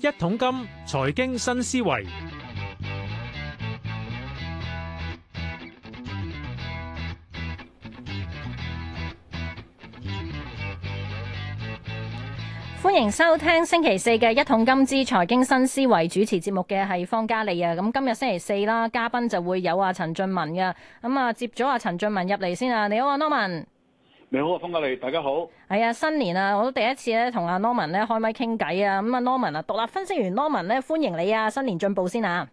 一桶金財經新思維，歡迎收聽星期四嘅《一桶金之財經新思維》主持節目嘅係方嘉利。啊！咁今日星期四啦，嘉賓就會有啊陳俊文嘅，咁啊接咗阿陳俊文入嚟先啊，你好啊，Norman 你好啊，方家麗，大家好。係啊、哎，新年啊，我都第一次咧同阿 Norman 咧開麥傾偈啊。咁啊，Norman 啊，獨立分析員 Norman 咧，歡迎你啊！新年進步先啊。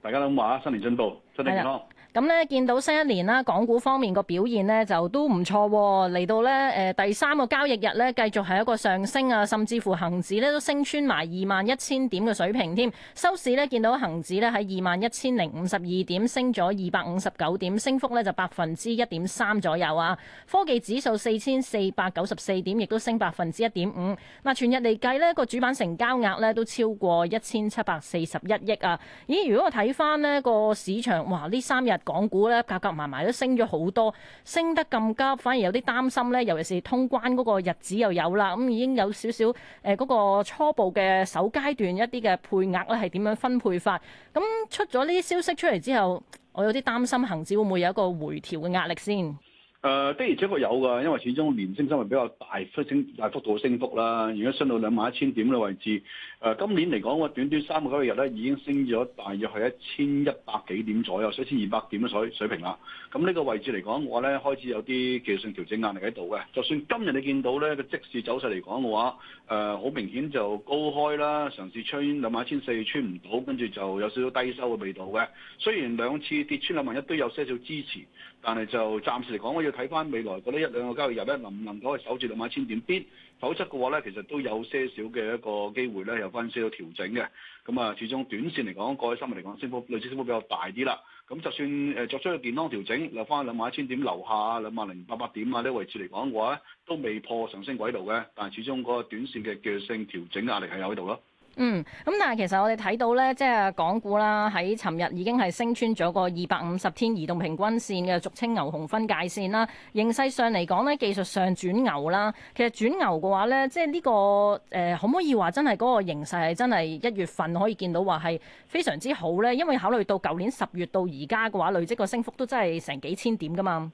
大家咁話啊，新年進步，身體健康。咁呢，見到新一年啦，港股方面個表現呢就都唔錯。嚟到呢，誒第三個交易日呢，繼續係一個上升啊，甚至乎恒指呢都升穿埋二萬一千點嘅水平添。收市呢，見到恒指呢喺二萬一千零五十二點，升咗二百五十九點，升幅呢就百分之一點三左右啊。科技指數四千四百九十四點，亦都升百分之一點五。嗱，全日嚟計呢，個主板成交額呢都超過一千七百四十一億啊。咦？如果我睇翻呢個市場，哇！呢三日港股咧，夾夾埋埋都升咗好多，升得咁急，反而有啲擔心咧。尤其是通關嗰個日子又有啦，咁、嗯、已經有少少誒嗰、呃嗰個初步嘅首階段一啲嘅配額咧，係點樣分配法？咁、嗯、出咗呢啲消息出嚟之後，我有啲擔心恆指會唔會有一個回調嘅壓力先？誒的而且確有㗎，因為始終年升真係比較大幅升，大幅度升幅啦。而家升到兩萬一千點嘅位置，誒、呃、今年嚟講嘅短短三個交易日咧，已經升咗大約係一千一百幾點左右，一千二百點嘅水水平啦。咁呢個位置嚟講呢，我咧開始有啲技術性調整壓力喺度嘅。就算今日你見到咧個即市走勢嚟講嘅話，誒、呃、好明顯就高開啦，嘗試穿兩萬一千四穿唔到，跟住就有少少低收嘅味道嘅。雖然兩次跌穿兩萬一都有些少支持。但係就暫時嚟講，我要睇翻未來嗰啲一兩個交易日咧，能唔能夠守住兩萬一千點？必否則嘅話咧，其實都有些少嘅一個機會咧，有翻些少調整嘅。咁、嗯、啊，始終短線嚟講，過去三日嚟講，升幅類似升幅比較大啲啦。咁、嗯、就算誒作出一個健康調整，留翻兩萬一千點留下兩萬零八百點啊呢位置嚟講嘅話，都未破上升軌道嘅。但係始終嗰個短線嘅嘅性調整壓力係有喺度咯。嗯，咁但係其實我哋睇到咧，即係港股啦，喺尋日已經係升穿咗個二百五十天移動平均線嘅俗稱牛熊分界線啦。形勢上嚟講咧，技術上轉牛啦。其實轉牛嘅話咧，即係、這、呢個誒，可、呃、唔可以話真係嗰個形勢係真係一月份可以見到話係非常之好咧？因為考慮到舊年十月到而家嘅話累積個升幅都真係成幾千點㗎嘛。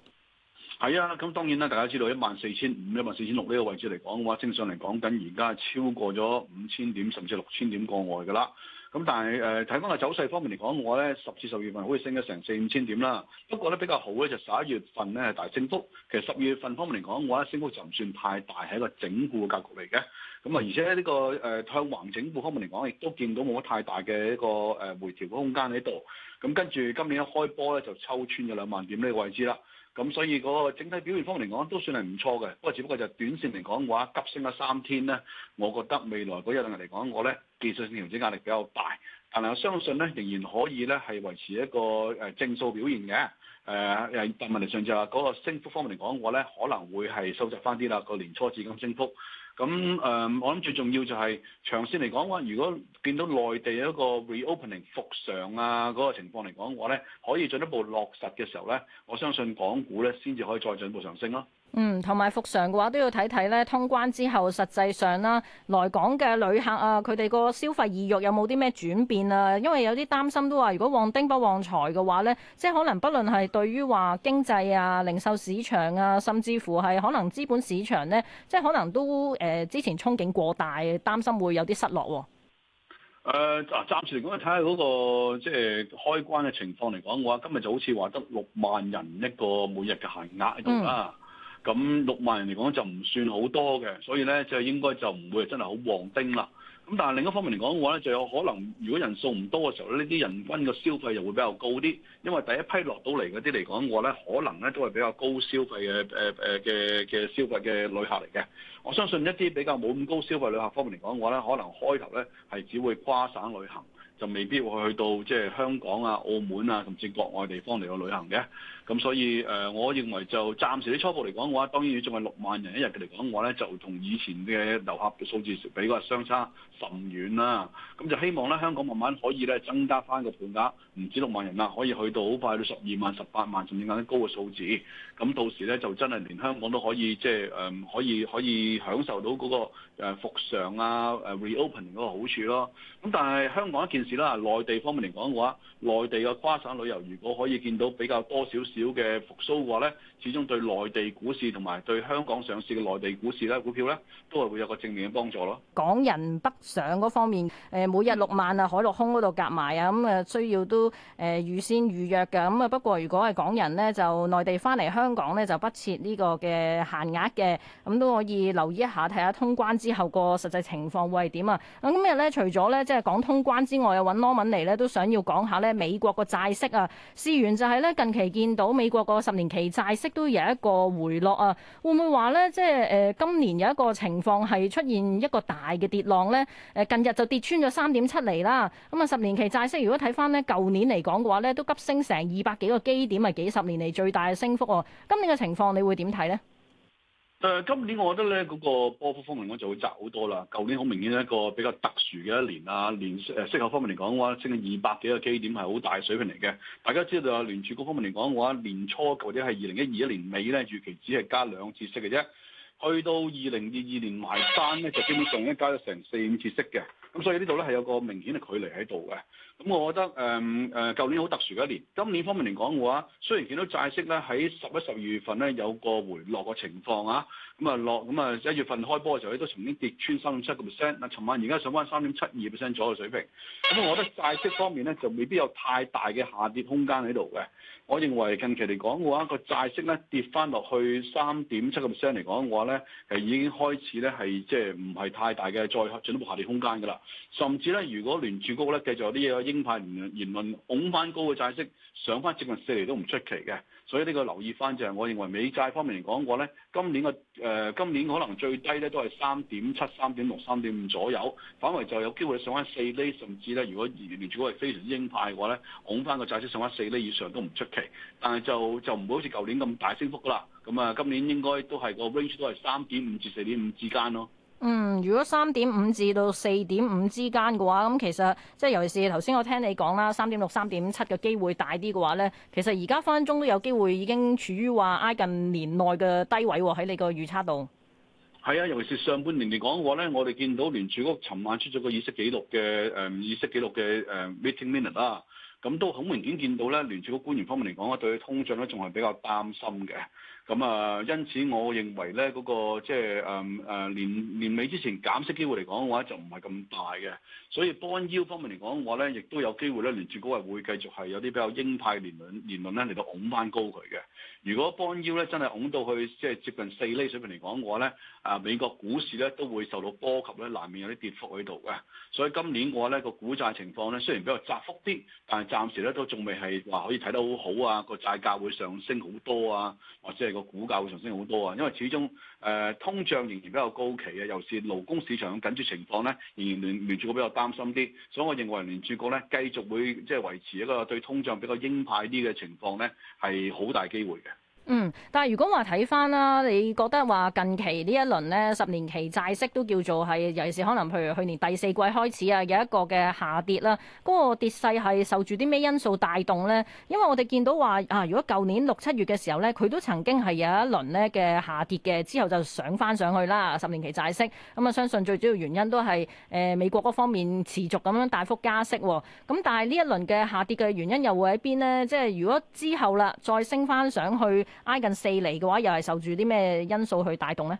係啊，咁當然啦，大家知道一萬四千五、一萬四千六呢個位置嚟講嘅話，正常嚟講緊，而家超過咗五千點，甚至六千點過外嘅啦。咁但係誒，睇翻個走勢方面嚟講嘅話，我咧十至十二月份可以升咗成四五千點啦。不過咧比較好咧，就十一月份咧大升幅。其實十二月份方面嚟講嘅話，我咧升幅就唔算太大，係一個整固嘅格局嚟嘅。咁啊，而且呢、這個誒、呃、向橫整固方面嚟講，亦都見到冇乜太大嘅一個誒回調嘅空間喺度。咁跟住今年一開波咧，就抽穿咗兩萬點呢個位置啦。咁所以個整體表現方面嚟講都算係唔錯嘅，不過只不過就短線嚟講嘅話急升咗三天咧，我覺得未來嗰一兩日嚟講我咧技術性調整壓力比較大，但係我相信咧仍然可以咧係維持一個誒正數表現嘅，誒、呃、誒但問題上就係話嗰個升幅方面嚟講我咧可能會係收窄翻啲啦，個年初至今升幅。咁誒、嗯，我諗最重要就係長線嚟講嘅話，如果見到內地一個 reopening 復常啊嗰、那個情況嚟講嘅話咧，可以進一步落實嘅時候咧，我相信港股咧先至可以再進一步上升咯、啊。嗯，同埋復常嘅話都要睇睇咧，通關之後實際上啦，來港嘅旅客啊，佢哋個消費意欲有冇啲咩轉變啊？因為有啲擔心都話，如果旺丁不旺財嘅話咧，即係可能不論係對於話經濟啊、零售市場啊，甚至乎係可能資本市場咧，即係可能都誒、呃、之前憧憬過大，擔心會有啲失落喎、啊。誒、呃，暫時嚟講睇下嗰個即係開關嘅情況嚟講嘅話，今日就好似話得六萬人一個每日嘅限額喺度啦。咁六萬人嚟講就唔算好多嘅，所以咧就應該就唔會真係好旺丁啦。咁但係另一方面嚟講嘅話咧，就有可能如果人數唔多嘅時候，呢啲人均嘅消費又會比較高啲，因為第一批落到嚟嗰啲嚟講嘅話咧，可能咧都係比較高消費嘅誒誒嘅嘅消費嘅旅客嚟嘅。我相信一啲比較冇咁高消費旅客方面嚟講嘅話咧，可能開頭咧係只會跨省旅行。就未必會去到即係香港啊、澳門啊，甚至國外地方嚟到旅行嘅。咁所以誒、呃，我認為就暫時啲初步嚟講嘅話，當然仲係六萬人一日嘅嚟講嘅話咧，就同以前嘅遊客嘅數字比較相差甚遠啦。咁就希望咧，香港慢慢可以咧增加翻個盤額，唔止六萬人啦，可以去到好快去到十二萬、十八萬甚至更加高嘅數字。咁到時咧，就真係連香港都可以即係誒，可以可以享受到嗰、那個。誒復常啊！誒 reopen 嗰個好處咯。咁但係香港一件事啦，內地方面嚟講嘅話，內地嘅跨省旅遊如果可以見到比較多少少嘅復甦嘅話咧，始終對內地股市同埋對香港上市嘅內地股市咧股票咧，都係會有個正面嘅幫助咯。港人北上嗰方面，誒每日六萬啊，海陸空嗰度夾埋啊，咁誒需要都誒預先預約㗎。咁誒不過如果係港人呢，就內地翻嚟香港呢，就不設呢個嘅限額嘅，咁都可以留意一下睇下通關。之後個實際情況會係點啊？咁今日咧，除咗咧即係講通關之外，又揾羅文尼咧，都想要講下咧美國個債息啊。事源就係咧近期見到美國個十年期債息都有一個回落啊。會唔會話咧即係誒、呃、今年有一個情況係出現一個大嘅跌浪咧？誒、呃、近日就跌穿咗三點七厘啦。咁、嗯、啊十年期債息如果睇翻呢舊年嚟講嘅話咧，都急升成二百幾個基點，係幾十年嚟最大嘅升幅，啊。今年嘅情況你會點睇咧？誒、呃、今年我覺得咧，嗰、那個波幅方，方面我就會窄好多啦。舊年好明顯一個比較特殊嘅一年啊，年誒、呃、息口方面嚟講嘅話，升咗二百幾個基點係好大水平嚟嘅。大家知道啊，聯儲局方面嚟講嘅話，年初或者係二零一二年尾咧，預期只係加兩次息嘅啫。去到二零二二年埋單咧，就基本上已經加咗成四五次息嘅。咁所以呢度咧係有個明顯嘅距離喺度嘅。咁我覺得誒誒，舊年好特殊嘅一年。今年方面嚟講嘅話，雖然見到債息咧喺十一、十二月份咧有個回落嘅情況啊，咁啊落，咁啊一月份開波嘅時候咧都曾經跌穿三點七個 percent。嗱，尋晚而家上翻三點七二 percent 左右嘅水平。咁我覺得債息方面咧就未必有太大嘅下跌空間喺度嘅。我認為近期嚟講嘅話，個債息咧跌翻落去三點七個 percent 嚟講嘅話咧，係已經開始咧係即係唔係太大嘅再進一步下跌空間㗎啦。甚至咧，如果聯儲局咧繼續有啲嘢，鷹派言，言論，拱翻高嘅債息上翻接近四厘都唔出奇嘅，所以呢個留意翻就係、是，我認為美債方面嚟講嘅話咧，今年嘅誒、呃、今年可能最低咧都係三點七、三點六、三點五左右，反為就有機會上翻四厘，甚至咧，如果聯儲局係非常之鷹派嘅話咧，拱翻個債息上翻四厘以上都唔出奇，但係就就唔會好似舊年咁大升幅㗎喇，咁啊，今年應該都係、那個 range 都係三點五至四點五之間咯、啊。嗯，如果三點五至到四點五之間嘅話，咁其實即係尤其是頭先我聽你講啦，三點六、三點七嘅機會大啲嘅話咧，其實而家分分鐘都有機會已經處於話挨近年內嘅低位喎，喺你個預測度。係啊，尤其是上半年嚟講嘅話咧，我哋見到聯儲局尋晚出咗個議息記錄嘅誒議息記錄嘅誒 meeting minute 啦，咁都好明顯見到咧，聯儲局官員方面嚟講啊，對於通脹咧仲係比較擔心嘅。咁啊，因此我認為咧，那個，嗰個即係誒誒年年尾之前減息機會嚟講嘅話，就唔係咁大嘅。所以，Bond Yield 方面嚟講嘅話，我咧亦都有機會咧，連住高位會繼續係有啲比較鷹派言論言論咧嚟到拱翻高佢嘅。如果幫腰咧，真係拱到去即係接近四厘水平嚟講嘅話咧，啊美國股市咧都會受到波及咧，難免有啲跌幅喺度嘅。所以今年嘅話咧，個股債情況咧雖然比較窄幅啲，但係暫時咧都仲未係話可以睇得好好啊，個債價會上升好多啊，或者係個股價會上升好多啊，因為始終。誒通脹仍然比較高企，啊，尤其是勞工市場緊張情況咧，仍然聯聯儲局比較擔心啲，所以我認為聯儲局咧繼續會即係維持一個對通脹比較鷹派啲嘅情況咧，係好大機會嘅。嗯，但係如果話睇翻啦，你覺得話近期呢一輪呢，十年期債息都叫做係尤其是可能譬如去年第四季開始啊，有一個嘅下跌啦，嗰、那個跌勢係受住啲咩因素帶動呢？因為我哋見到話啊，如果舊年六七月嘅時候呢，佢都曾經係有一輪呢嘅下跌嘅，之後就上翻上去啦，十年期債息。咁、嗯、啊，相信最主要原因都係誒、呃、美國嗰方面持續咁樣大幅加息喎、啊。咁、嗯、但係呢一輪嘅下跌嘅原因又會喺邊呢？即係如果之後啦，再升翻上去。挨近四厘嘅話，又係受住啲咩因素去帶動咧？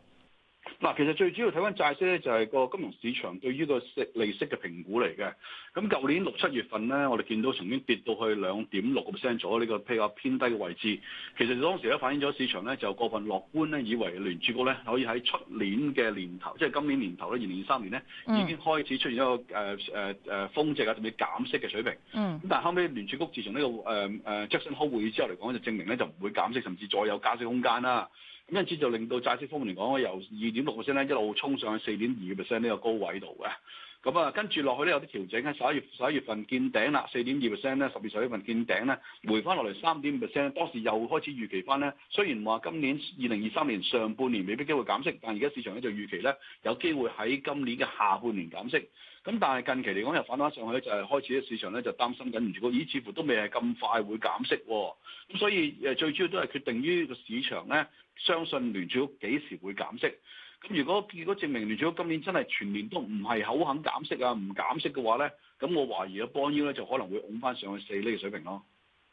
嗱，其實最主要睇翻債息咧，就係個金融市場對於個息利息嘅評估嚟嘅。咁舊年六七月份咧，我哋見到曾經跌到去兩點六個 percent 左右呢個比較偏低嘅位置。其實當時咧反映咗市場咧就過分樂觀咧，以為聯儲局咧可以喺出年嘅年頭，即係今年年頭咧二零二三年咧已經開始出現一個誒誒誒峰值啊，啊，甚至減息嘅水平。嗯。咁但係後尾聯儲局自從呢個誒誒 Jackson Hole 會議之後嚟講，就證明咧就唔會減息，甚至再有加息空間啦。咁因此就令到債息方面嚟講，由二點六個 percent 咧一路衝上去四點二個 percent 呢個高位度嘅。咁啊，跟住落去咧有啲調整，喺十一月十一月份見頂啦，四點二 percent 咧，十二十一月份見頂咧，回翻落嚟三點五 percent，當時又開始預期翻咧。雖然話今年二零二三年上半年未必機會減息，但而家市場咧就預期咧有機會喺今年嘅下半年減息。咁但係近期嚟講又反返上去，就係開始市場咧就擔心緊唔住。咦，似乎都未係咁快會減息喎。咁所以誒，最主要都係決定於個市場咧，相信聯儲局幾時會減息。如果結果證明聯儲今年真係全年都唔係口肯減息啊，唔減息嘅話咧，咁我懷疑嘅邦腰咧就可能會拱翻上去四厘呢個水平咯。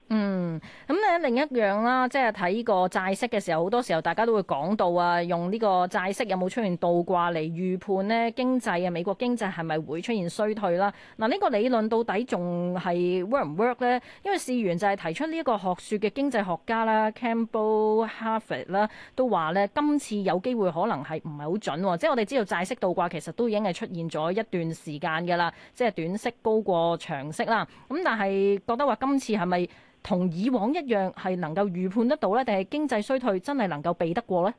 嗯，咁、嗯、咧另一樣啦，即係睇呢個債息嘅時候，好多時候大家都會講到啊，用呢個債息有冇出現倒掛嚟預判咧經濟啊，美國經濟係咪會出現衰退啦？嗱，呢個理論到底仲係 work 唔 work 呢？因為事緣就係提出呢一個學説嘅經濟學家啦，Campbell Harvey 啦，都話呢，今次有機會可能係唔係好準，哦，即係我哋知道債息倒掛其實都已經係出現咗一段時間㗎啦，即係短息高過長息啦。咁但係覺得話今次係咪？同以往一樣係能夠預判得到咧，定係經濟衰退真係能夠避得過咧？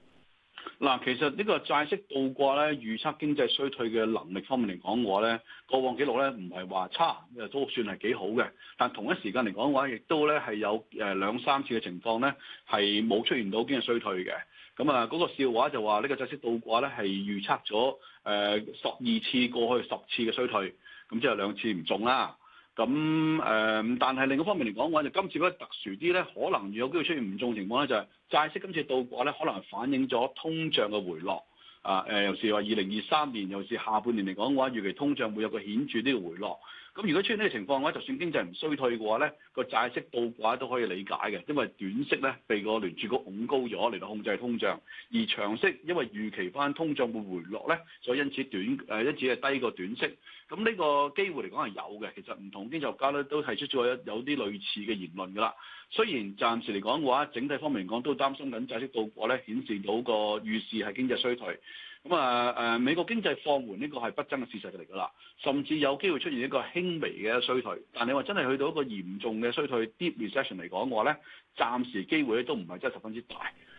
嗱，其實呢個債息倒掛咧，預測經濟衰退嘅能力方面嚟講嘅話咧，過往記錄咧唔係話差，都算係幾好嘅。但同一時間嚟講嘅話，亦都咧係有誒兩三次嘅情況咧，係冇出現到經濟衰退嘅。咁啊，嗰個笑話就話呢個債息倒掛咧係預測咗誒十二次過去十次嘅衰退，咁即係兩次唔中啦。咁誒、嗯，但係另一方面嚟講嘅話，就今次比較特殊啲咧，可能有機會出現唔中情況咧，就係、是、債息今次倒掛咧，可能反映咗通脹嘅回落。啊、呃、誒，尤其是話二零二三年，尤其是下半年嚟講嘅話，預期通脹會有個顯著呢個回落。咁如果出現呢個情況嘅話，就算經濟唔衰退嘅話咧，個債息倒掛都可以理解嘅，因為短息咧被個聯儲局拱高咗嚟到控制通脹，而長息因為預期翻通脹會回落咧，所以因此短誒、呃、因此係低過短息。咁呢個機會嚟講係有嘅，其實唔同經濟學家咧都提出咗有啲類似嘅言論㗎啦。雖然暫時嚟講嘅話，整體方面嚟講都擔心緊債息倒掛咧顯示到個預示係經濟衰退。咁啊，誒美國經濟放緩呢個係不爭嘅事實嚟㗎啦，甚至有機會出現一個輕微嘅衰退。但你話真係去到一個嚴重嘅衰退 （deep recession） 嚟講嘅話咧，暫時機會咧都唔係真係十分之大。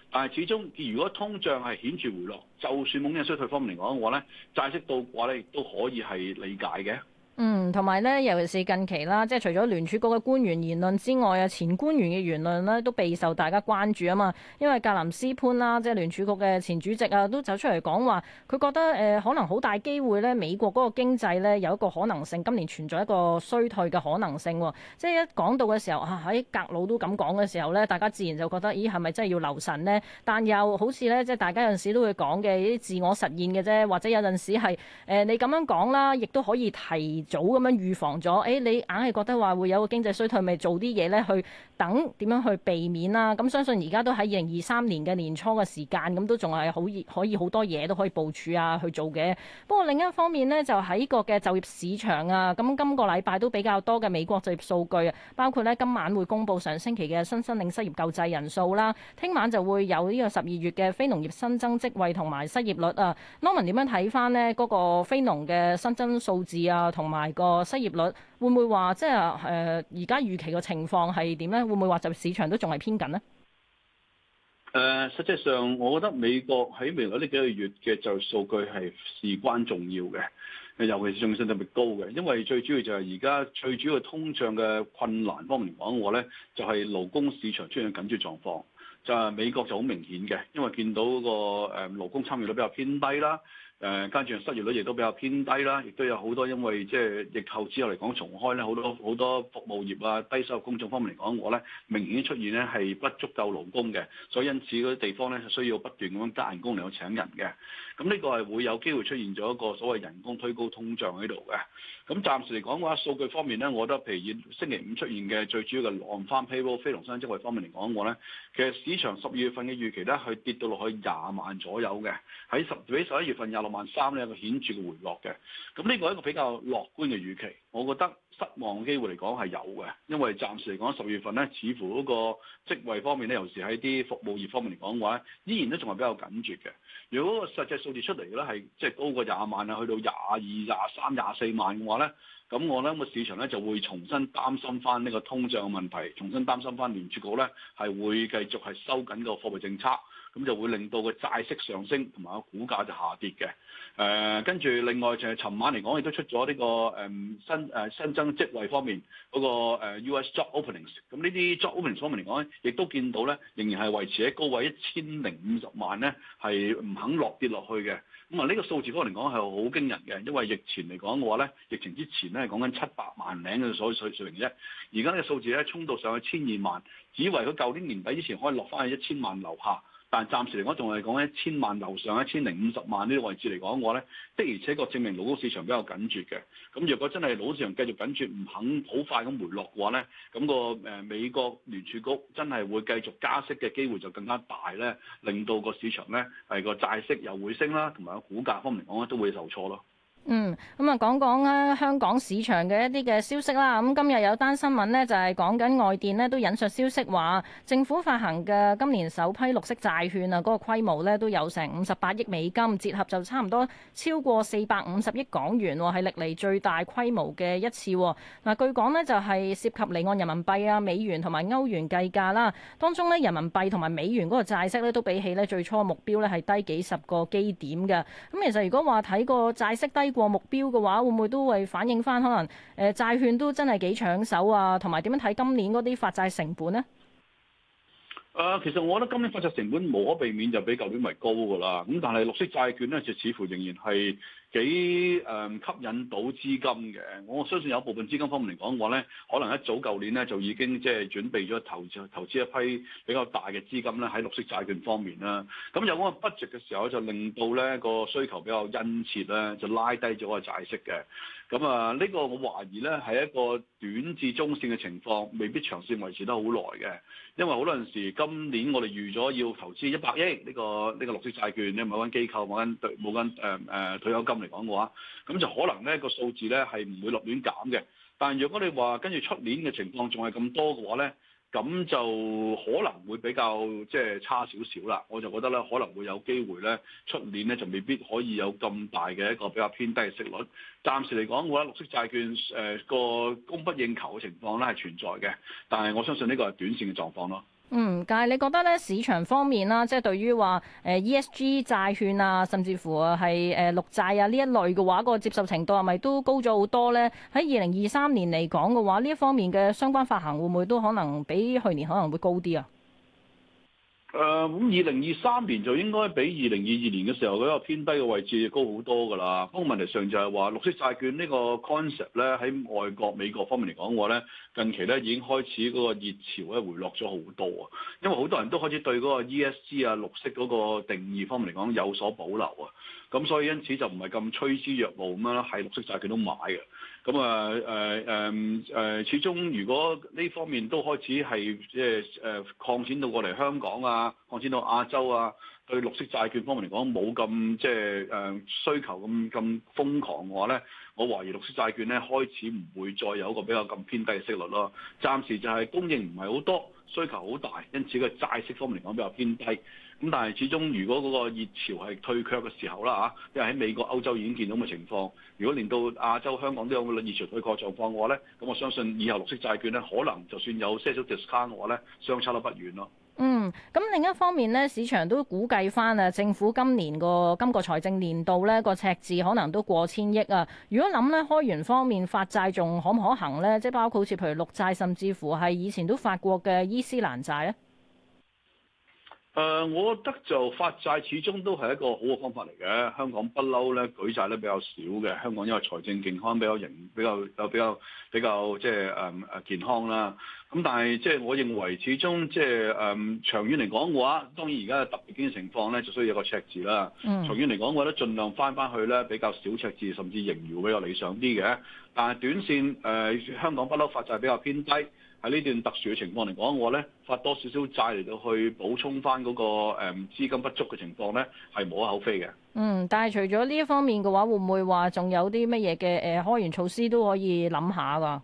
但係始終，如果通脹係顯著回落，就算冇咩衰退方面嚟講嘅話咧，債息倒掛咧亦都可以係理解嘅。嗯，同埋咧，尤其是近期啦，即係除咗聯儲局嘅官員言論之外啊，前官員嘅言論呢都備受大家關注啊嘛。因為格林斯潘啦、啊，即係聯儲局嘅前主席啊，都走出嚟講話，佢覺得誒、呃、可能好大機會咧，美國嗰個經濟咧有一個可能性，今年存在一個衰退嘅可能性、哦。即係一講到嘅時候啊，喺格佬都咁講嘅時候咧，大家自然就覺得咦，係咪真係要留神呢？但又好似咧，即係大家有陣時都會講嘅，依啲自我實現嘅啫，或者有陣時係誒、呃、你咁樣講啦，亦都可以提。早咁樣預防咗，誒、哎、你硬係覺得話會有個經濟衰退，咪做啲嘢咧去等點樣去避免啦、啊？咁、嗯、相信而家都喺二零二三年嘅年初嘅時間，咁、嗯、都仲係好可以好多嘢都可以部署啊去做嘅。不過另一方面呢，就喺、是、個嘅就業市場啊，咁、嗯、今個禮拜都比較多嘅美國就業數據啊，包括呢今晚會公布上星期嘅新申領失業救濟人數啦，聽晚就會有呢個十二月嘅非農業新增職位同埋失業率啊。Norman 點樣睇翻呢嗰、那個非農嘅新增數字啊，同埋個失業率會唔會話即係誒而家預期嘅情況係點咧？會唔會話就市場都仲係偏緊呢？誒、呃，實際上我覺得美國喺未來呢幾個月嘅就數據係事關重要嘅，尤其是重心特別高嘅，因為最主要就係而家最主要通脹嘅困難方面講嘅話咧，就係、是、勞工市場出現緊張狀況。就係美國就好明顯嘅，因為見到個誒勞工參與率比較偏低啦，誒跟住失業率亦都比較偏低啦，亦都有好多因為即係疫後之後嚟講重開咧，好多好多服務業啊低收入工眾方面嚟講，我咧明顯出現咧係不足夠勞工嘅，所以因此嗰啲地方咧需要不斷咁加人工嚟去請人嘅，咁呢個係會有機會出現咗一個所謂人工推高通脹喺度嘅，咁暫時嚟講嘅話數據方面咧，我覺得譬如星期五出現嘅最主要嘅 non-farm payroll 非農新增職位方面嚟講，我咧其實市場十二月份嘅預期咧，係跌到落去廿萬左右嘅，喺十比十一月份廿六萬三咧，有個顯著嘅回落嘅。咁呢個係一個比較樂觀嘅預期，我覺得失望嘅機會嚟講係有嘅，因為暫時嚟講十月份咧，似乎嗰個職位方面咧，尤其喺啲服務業方面嚟講嘅話咧，依然都仲係比較緊絕嘅。如果個實際數字出嚟咧，係即係高過廿萬啊，去到廿二、廿三、廿四萬嘅話咧。咁我諗個市場咧就會重新擔心翻呢個通脹嘅問題，重新擔心翻聯儲局咧係會繼續係收緊個貨幣政策，咁就會令到個債息上升，同埋個股價就下跌嘅。誒、呃，跟住另外就係尋晚嚟講，亦都出咗呢、這個誒、嗯、新誒、啊、新增職位方面嗰、那個、呃、US job openings。咁呢啲 job openings 方面嚟講，亦都見到咧仍然係維持喺高位一千零五十萬咧，係唔肯落跌落去嘅。咁啊，呢個數字可能嚟講係好驚人嘅，因為疫情嚟講嘅話咧，疫情之前咧係講緊七百萬領嘅所所所零啫，而家呢個數字咧衝到上去千二萬，以為佢舊年年底之前可以落翻去一千萬樓下。但係暫時嚟講，仲係講一千萬樓上一千零五十萬呢個位置嚟講，嘅話呢，的而且確證明樓市市場比較緊絕嘅。咁如果真係樓市市場繼續緊絕，唔肯好快咁回落嘅話呢，咁個誒美國聯儲局真係會繼續加息嘅機會就更加大呢，令到個市場呢，係個債息又回升啦，同埋喺股價方面講咧都會受挫咯。嗯，咁啊，講講啊香港市場嘅一啲嘅消息啦。咁今日有單新聞咧，就係講緊外電咧都引述消息話政府發行嘅今年首批綠色債券啊，嗰個規模咧都有成五十八億美金，折合就差唔多超過四百五十億港元喎，係歷嚟最大規模嘅一次。嗱，據講咧就係涉及離岸人民幣啊、美元同埋歐元計價啦，當中咧人民幣同埋美元嗰個債息咧都比起咧最初目標咧係低幾十個基點嘅。咁其實如果話睇個債息低。過目標嘅話，會唔會都會反映翻可能誒、呃、債券都真係幾搶手啊？同埋點樣睇今年嗰啲發債成本呢？誒、呃，其實我覺得今年發債成本無可避免就比舊年咪高㗎啦。咁但係綠色債券咧，就似乎仍然係。幾誒吸引到資金嘅，我相信有部分資金方面嚟講嘅話咧，可能一早舊年咧就已經即係準備咗投資投資一批比較大嘅資金咧喺綠色債券方面啦。咁有嗰個 budget 嘅時候，就令到咧個需求比較殷切咧，就拉低咗個債息嘅。咁啊，呢個我懷疑咧係一個短至中線嘅情況，未必長線維持得好耐嘅，因為好多陣時今年我哋預咗要投資一百億呢個呢個綠色債券，呢某間機構、某間對某間誒、呃、退休金。嚟講嘅話，咁就可能呢個數字呢係唔會立亂減嘅。但係，如果你話跟住出年嘅情況仲係咁多嘅話呢，咁就可能會比較即係、就是、差少少啦。我就覺得呢可能會有機會呢出年呢就未必可以有咁大嘅一個比較偏低嘅息率。暫時嚟講，我覺得綠色債券誒個、呃、供不應求嘅情況呢係存在嘅，但係我相信呢個係短線嘅狀況咯。嗯，但係你覺得咧市場方面啦，即係對於話誒 ESG 債券啊，甚至乎係誒綠債啊呢一類嘅話，個接受程度係咪都高咗好多呢？喺二零二三年嚟講嘅話，呢一方面嘅相關發行會唔會都可能比去年可能會高啲啊？誒咁，二零二三年就應該比二零二二年嘅時候嗰個偏低嘅位置高好多㗎啦。不過問題上就係話，綠色債券呢個 concept 咧喺外國美國方面嚟講嘅話咧，近期咧已經開始嗰個熱潮咧回落咗好多啊。因為好多人都開始對嗰個 ESG 啊綠色嗰個定義方面嚟講有所保留啊。咁所以因此就唔係咁趨之若鶩咁樣喺綠色債券都買嘅。咁啊，誒誒誒，始終如果呢方面都開始係即係誒擴展到過嚟香港啊，擴展到亞洲啊，對綠色債券方面嚟講冇咁即係誒需求咁咁瘋狂嘅話咧，我懷疑綠色債券咧開始唔會再有一個比較咁偏低嘅息率咯。暫時就係供應唔係好多，需求好大，因此個債息方面嚟講比較偏低。咁但係，始終如果嗰個熱潮係退卻嘅時候啦嚇、啊，因為喺美國、歐洲已經見到咁嘅情況。如果連到亞洲、香港都有熱潮退卻狀況嘅話咧，咁我相信以後綠色債券咧，可能就算有些少 discount 嘅話咧，相差得不遠咯。嗯，咁另一方面咧，市場都估計翻啊，政府今年個今個財政年度咧，個赤字可能都過千億啊。如果諗咧，開源方面發債仲可唔可行咧？即係包括好似譬如綠債，甚至乎係以前都發過嘅伊斯蘭債咧。誒，我覺得就發債始終都係一個好嘅方法嚟嘅。香港不嬲咧，舉債咧比較少嘅。香港因為財政健康比較營，比較比較比較即係誒誒健康啦。咁但係即係我認為始終即係誒長遠嚟講嘅話，當然而家特別經濟情況咧，就需要一個赤字啦。嗯、長遠嚟講，我覺得盡量翻翻去咧比較少赤字，甚至盈餘比較理想啲嘅。但係短線誒、呃，香港不嬲發債比較偏低。喺呢段特殊嘅情況嚟講，我咧發多少少債嚟到去補充翻嗰個誒資金不足嘅情況咧，係無可厚非嘅。嗯，但係除咗呢一方面嘅話，會唔會話仲有啲乜嘢嘅誒開源措施都可以諗下㗎？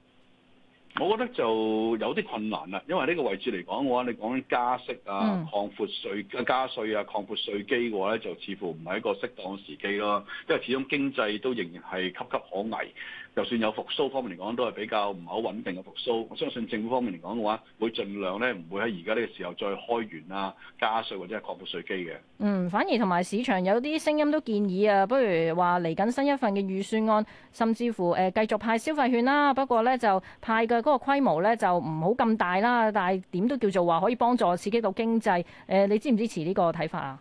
我覺得就有啲困難啦，因為呢個位置嚟講嘅話，你講加息啊、擴闊稅啊、加稅啊、擴闊稅基嘅話咧，就似乎唔係一個適當嘅時機咯。因為始終經濟都仍然係岌岌可危，就算有復甦方面嚟講，都係比較唔係好穩定嘅復甦。我相信政府方面嚟講嘅話，會盡量咧唔會喺而家呢個時候再開源啊、加稅或者係擴闊稅基嘅。嗯，反而同埋市場有啲聲音都建議啊，不如話嚟緊新一份嘅預算案，甚至乎誒、呃、繼續派消費券啦。不過咧就派嘅嗰個規模咧就唔好咁大啦，但係點都叫做話可以幫助刺激到經濟。誒，你支唔支持呢個睇法？啊？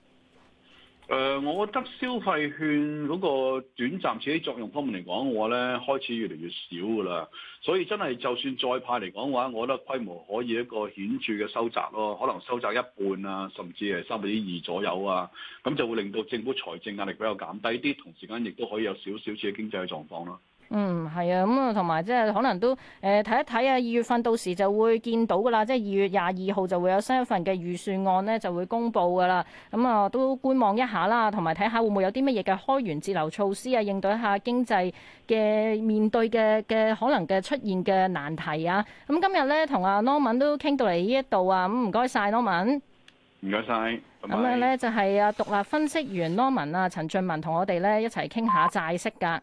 誒、呃，我覺得消費券嗰個短暫刺激作用方面嚟講嘅話，我咧開始越嚟越少噶啦。所以真係就算再派嚟講嘅話，我覺得規模可以一個顯著嘅收窄咯，可能收窄一半啊，甚至係三分之二左右啊，咁就會令到政府財政壓力比較減低啲，同時間亦都可以有少少刺激經濟嘅狀況咯。嗯，係啊，咁啊，同埋即係可能都誒睇、呃、一睇啊。二月份到時就會見到噶啦，即係二月廿二號就會有新一份嘅預算案呢，就會公布噶啦。咁、嗯、啊，都觀望一下啦，同埋睇下會唔會有啲乜嘢嘅開源節流措施啊，應對一下經濟嘅面對嘅嘅可能嘅出現嘅難題啊。咁、嗯、今日呢，同阿 Norman 都傾到嚟呢一度啊，咁唔該晒 Norman，唔該晒。咁樣呢，就係阿獨立分析員 Norman 啊，陳俊文同我哋呢一齊傾下債息噶。